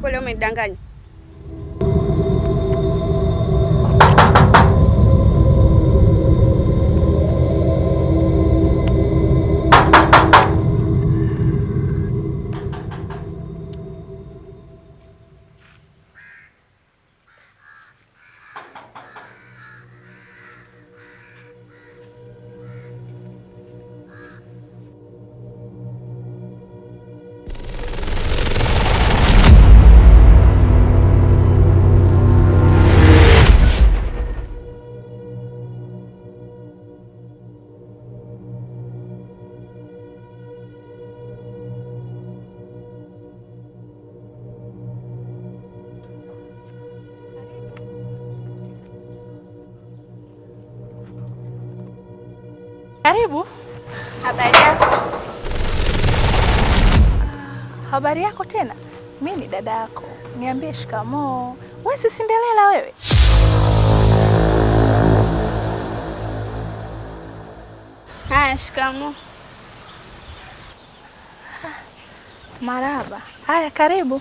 kweli umenidanganya? Karibu. Habari yako? Habari yako tena? Mi ni dada yako, niambie shikamoo. We si Cinderella wewe? Haya, shikamoo. maraba Haya, karibu.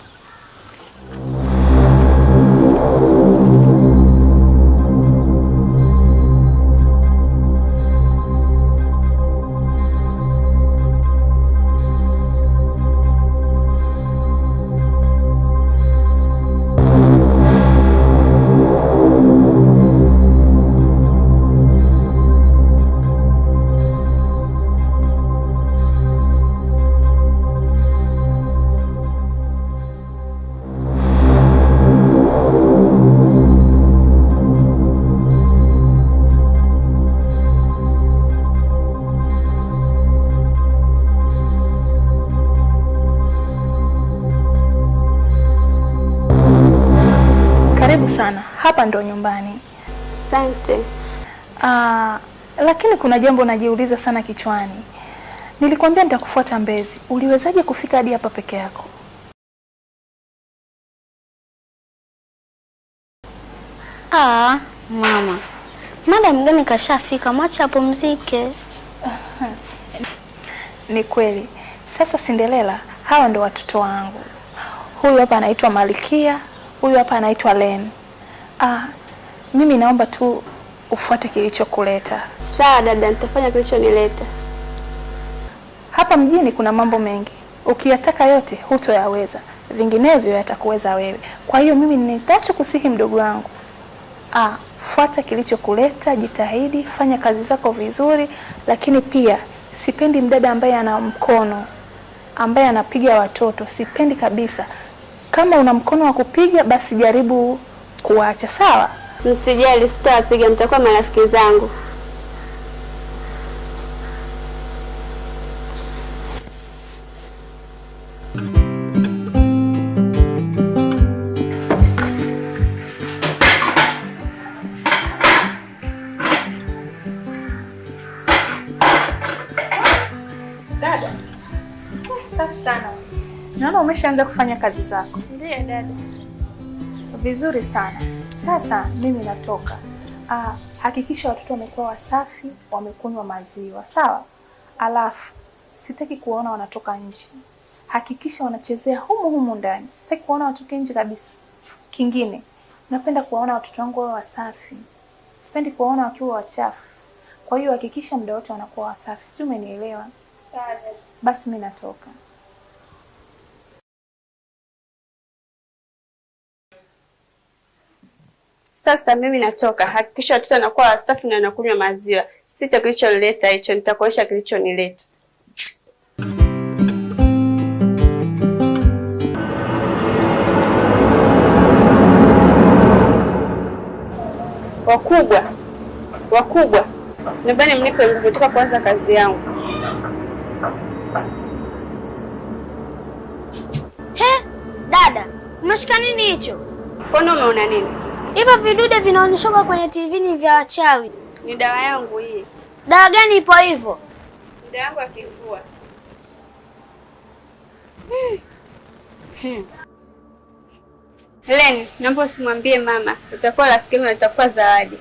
karibu sana, hapa ndo nyumbani. Asante. Ah, lakini kuna jambo najiuliza sana kichwani. Nilikwambia nitakufuata Mbezi, uliwezaje kufika hadi hapa peke yako? Ah, mama, mada mgeni kashafika, mwacha apumzike. Ni kweli. Sasa sindelela hawa ndo watoto wangu. Huyu hapa anaitwa Malikia, huyu hapa anaitwa Leni. Ah, mimi naomba tu ufuate kilichokuleta. Sawa dada, nitafanya kilichonileta. Hapa mjini kuna mambo mengi, ukiyataka yote hutoyaweza, vinginevyo yatakuweza wewe. Kwa hiyo mimi kusihi mdogo wangu, ah, fuata kilichokuleta, jitahidi, fanya kazi zako vizuri, lakini pia sipendi mdada ambaye ana mkono ambaye anapiga watoto, sipendi kabisa. Kama una mkono wa kupiga, basi jaribu kuacha. Sawa, msijali, sitawapiga, mtakuwa marafiki zangu. Dada, safi sana. Naona umeshaanza kufanya kazi zako. Ndiyo, dada. Vizuri sana. Sasa mimi natoka. Ah, hakikisha watoto wamekuwa wasafi, wamekunywa maziwa, sawa? Alafu sitaki kuwaona wanatoka nje. Hakikisha wanachezea humu humu ndani. Sitaki kuwaona watoke nje kabisa. Kingine, napenda kuwaona watoto wangu wawe wasafi. Sipendi kuwaona wakiwa wachafu. Kwa hiyo hakikisha muda wote wanakuwa wasafi. Si umenielewa? Sawa. Basi mimi natoka. sasa mimi natoka, hakikisha watoto anakuwa wasafi na wanakunywa maziwa. Si cha kilichonileta hicho, nitakuonyesha kilichonileta. Wakubwa, wakubwa, nyumbani mnipe nguvu, toka kuanza kazi yangu. He, dada, umeshika nini hicho? Mbona umeona nini? Hivyo vidude vinaonyeshwa kwenye TV ni vya wachawi. Ni dawa yangu hii. Dawa gani ipo hivyo? Ni dawa yangu ya kifua. Helen, hmm. hmm. naomba usimwambie mama, utakuwa rafiki na utakuwa zawadi.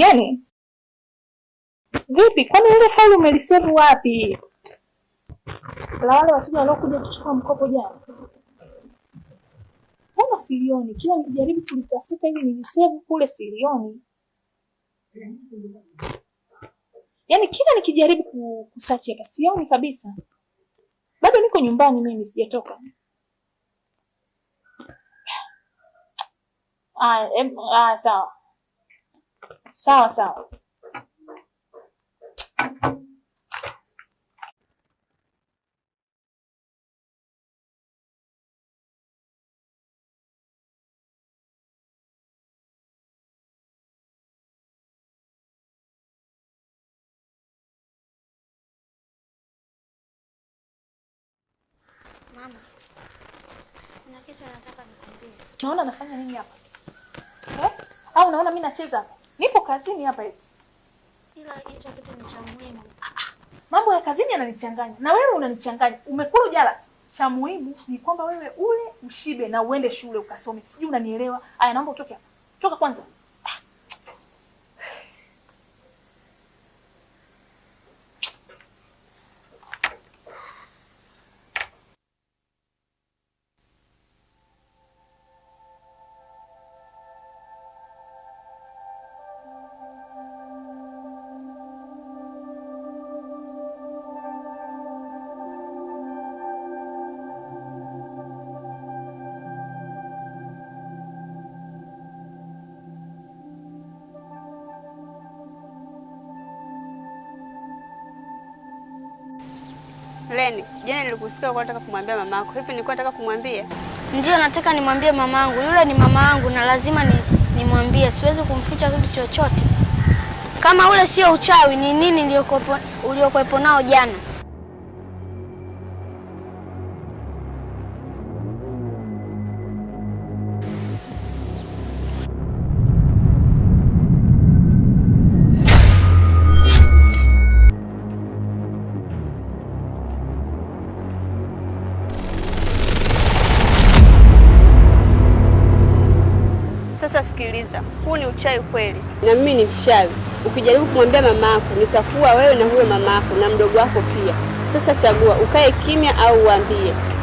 Mgeni yaani, vipi? Kwani ile faili umelisevu wapi? La wale wateja waliokuja kuchukua mkopo jana, mbona silioni? Kila nikijaribu kulitafuta ili nilisevu kule silioni, yaani kila nikijaribu kusachi hapa sioni kabisa. Bado niko nyumbani mimi, sijatoka. Ah, ah sawa Sawa sawa. Mama, na kitu nataka nikwambie. Naona nafanya nini hapa? Eh? Au unaona mimi nacheza hapa? Nipo kazini hapa eti. Ila hicho kitu ni cha muhimu. Mambo ya kazini yananichanganya na wewe unanichanganya. Umekula jala, cha muhimu ni kwamba wewe ule ushibe na uende shule ukasome. Sijui unanielewa? Aya, naomba utoke hapa. Toka kwanza. Leni, jana nilikusikia ulikuwa unataka kumwambia mamako. Hivi nilikuwa nataka kumwambia? Ndio, nataka nimwambie mamangu. Yule ni mamangu na lazima ni nimwambie, siwezi kumficha kitu chochote. Kama ule sio uchawi, ni nini uliokuwepo nao jana? kusikiliza. Huu ni uchawi kweli, na mimi ni mchawi. Ukijaribu kumwambia mamako, nitakuwa wewe na huyo mamako na mdogo wako pia. Sasa chagua, ukae kimya au uambie.